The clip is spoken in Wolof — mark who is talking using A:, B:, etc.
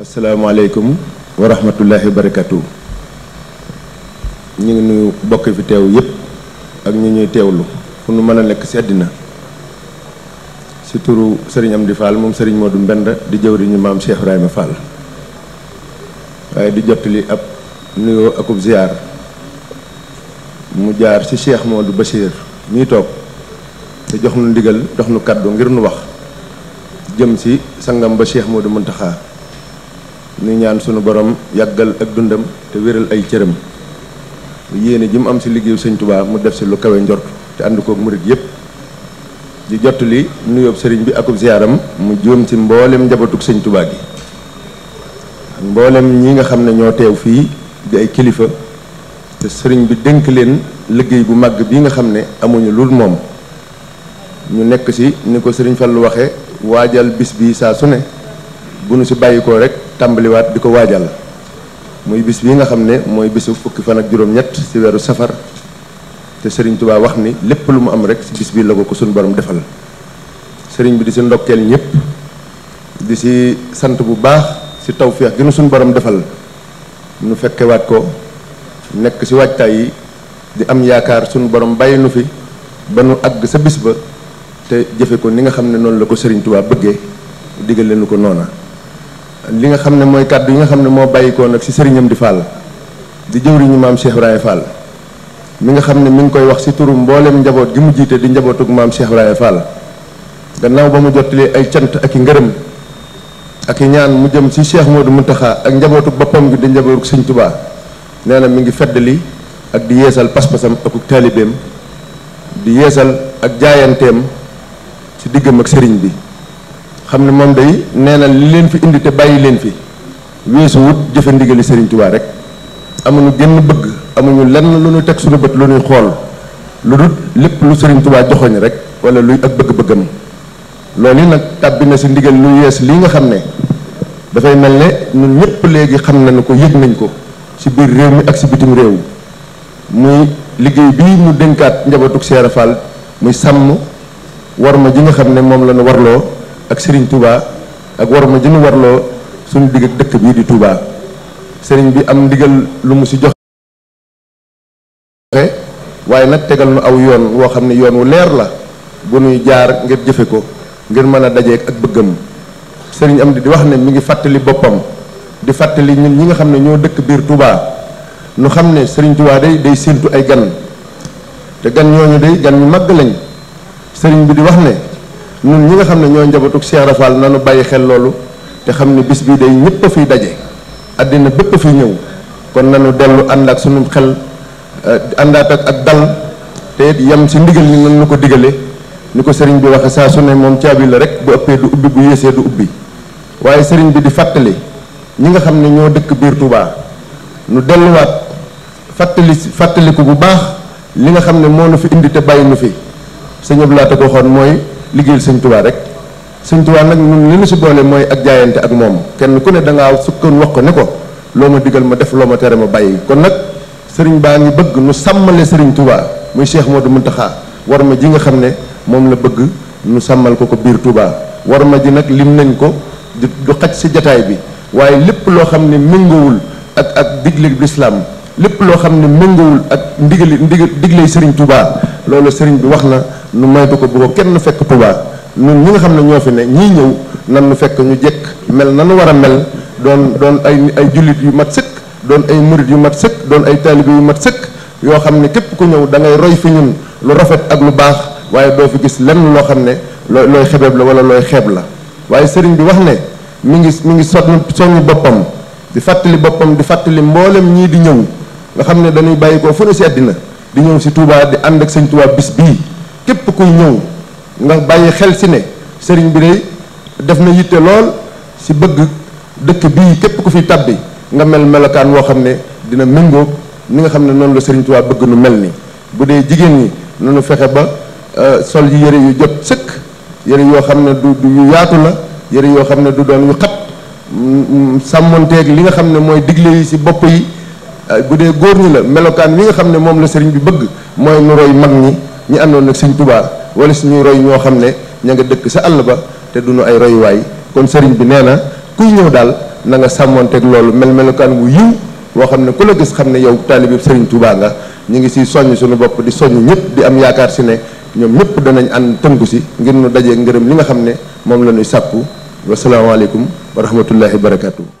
A: Assalamualaikum wa wabarakatuh. wa barakatu ñu ngi nuyu bokk fi teew yépp ak ñu ñuy teewlu fu nu mën a nekk ci àddina ci turu sëriñ di Fall moom sëriñ Modou Mbend di ñu maam Cheikh Ibrahima Fall waaye di jottali ab nuyoo akub ziar mu jaar ci Cheikh Modou Bachir mii toog te jox nu ndigal jox nu kaddu ngir nu wax jëm ci sangam ba Cheikh Modou Muntaxa ñu ñaan sunu borom yàggal ak dundam te wéral ay cëram yéene ji mu am ci liggéeyu sëñ Tuubaa mu def si lu kawe njor te ànd koog murit yëpp di jot li nuyoob sëriñ bi akub ziyaaram mu jóom ci mbooleem njabootug sëñ tubaa gi mboolem ñi nga xam ne ñoo teew fii di ay kilifa te sëriñ bi dénk leen liggéey bu màgg bi nga xam ne amuñu lul moom ñu nekk ci ni ko sëriñ Fallu waxe waajal bis bi saa su ne bu nu si bàyyikoo rek tàmbaliwaat di ko waajal muy bis bi nga xam ne mooy bisu fukki fan ak juróom-ñett si weeru safar te sëriñ Tuubaa wax ni lépp lu mu am rek si bis bi la ko ko suñu borom defal sëriñ bi di si ndokkeel ñëpp di si sant bu baax si tawféex gi nu suñu borom defal nu fekkewaat ko nekk si yi di am yaakaar suñu borom bàyyi nu fi ba nu àgg sa bis ba te jëfe ko ni nga xam ne noonu la ko sëriñ Tuubaa bëggee digal leen ko li nga xamne moy kaddu yi nga xamne mo bayiko nak ci serignam di Fall di jëwriñu mam Cheikh ibrahim Fall mi nga xamne mi ngi koy wax ci turu mbollem njabot gi mu jité di njabootug maam Cheikh ibrahim Fall gannaaw ba mu jottalee ay cant ak i ak ñaan mu jëm ci Cheikh Modou ak bopam gi di njabootu serigne Touba neena mi ngi feddali ak di yeesal pas-pasam akuk di yeesal ak jaayantem ci diggam ak serigne bi xam ne moom day nee na li leen fi indi te bàyyi leen fi weesu wut jëfe ndigali Serigne Touba rek amuñu génn bëgg amuñu lenn lu ñuy teg suñu bët lu ñuy xool lu dul lépp lu Serigne Touba joxoñ rek wala luy ak bëgg-bëggam loolu nag tàbbi na si ndigal lu yees lii nga xam ne dafay mel ne ñun ñëpp léegi xam na nañu ko yëg nañ ko si biir réew mi ak si bitim réew muy liggéey bii mu dénkaat njabootug Seera Fall muy sàmm war ma ji nga xam ne moom la ñu warloo. ak Serigne Touba ak war ma warlo, warlo suñu digg ak dekk bi di Touba Serigne bi am ndigal lu mu ci jox waye nak tegal nu aw yoon wo xamni yoon wu leer la bu nuy jaar ngir jëfé ko ngir mëna dajé ak bëggam Serigne am di diwahne wax ne mi ngi fatali bopam di fatali ñun ñi nga xam ne ñoo dëkk biir Touba nu xamne ne Serigne Touba day day sentu ay gan te gan ñoñu day gan yu mag lañ Serigne bi di wax ne ñun ñi nga xam ne ñoo njabootug Cheikh Rafal nanu bàyyi xel loolu te xam ne bis bi day ñëpp fiy daje àddina fi ñëw kon nanu delu ànd ak sunu xel euh, àndaat ak ak dal te it yam si ndigal ni nañu ko digale ni ko sëriñ bi waxe saa su ne moom caabi la rek bu ëppee du ubbi bu yéesee du ubbi waaye sëriñ bi di fàttali ñi nga xam ne ñoo dëkk biir Touba nu delluwaat fàttali fàttaliku bu baax li nga xam ne nu fi indi te bàyyi nu fi sëñ Abdoulaye ko waxoon mooy liggéeyal sëñ tubaa rek sëñ Tuubaa nag ni li ñu si boole mooy ak jaayante ak moom kenn ku ne danga ngaa sukkan wax ko ne ko loo ma digal ma def loo ma tere ma bàyyi kon nag sëriñ baa ngi bëgg nu sàmmale sëriñ Tuubaa muy Cheikh Modou taxaa war ma ji nga xam ne moom la bëgg nu sàmmal ko ko biir Tuubaa war ma ji nag lim nañ ko du xaj si jataay bi waaye lépp loo xam ne méngowul ak ak digle lislaam lépp loo xam ne méngowul ak ndigali ndigal digle sëriñ Tuubaa loolu sëriñ bi wax na nu moytu ko bu ko kenn fekk Touba ñun ñi nga xam ne ñoo fi ne ñii ñëw nan nu fekk ñu jekk mel na nu war a mel doon doon ay ay jullit yu mat sëkk doon ay murit yu mat sëkk doon ay taalibe yu mat sëkk yoo xam ne képp ku ñëw da ngay roy fi ñun lu rafet ak lu baax waaye doo fi gis lenn loo xam ne looy xebeeb la wala looy xeeb la waaye sëriñ bi wax ne mu ngi mu ngi sot soññ boppam di fàttali boppam di fàttali mbooleem ñii di ñëw nga xam ne dañuy bàyyi ko fu ne si di ñëw si Touba di and ak serigne Touba bis bi képp kuy ñëw nga bàyyi xel ci ne serigne bi day def na yitte lool si bëgg dëkk bi képp ku fi tabbi nga mel melokaan woo xam ne dina méngoo ni nga xam ne noonu la serigne Touba bëgg nu mel ni bu dee jigéen ñi nanu fexe ba euh, sol yi yëre yu jot sëkk yëre yoo xam ne du yu yaatu la yëre yoo xam du doon yu xat mm, mm, sàmmonteeg li nga xam ne mooy digle yi si bopp yi bu dee góor ñi la melokaan wi nga xam ne moom la sëriñ bi bëgg mooy nu roy mag ñi ñi àndoon ak sëñ tubaa wala suñuy roy ñoo xam ne ña nga dëkk sa àll ba te duñu ay royuwaay kon sëriñ bi nee na kuy ñëw daal na nga sàmmonteeg loolu mel melokaan wu yiw woo xam ne ku la gis xam ne yow taalibi sëriñ tubaa nga ñu ngi siy soññ suñu bopp di soññ ñëpp di am yaakaar si ne ñoom ñëpp danañ ànd tënku si ngir nu daje ngërëm li nga xam ne moom la ñuy sàkku wasalaamaaleykum wa rahmatullahi wa barakatuh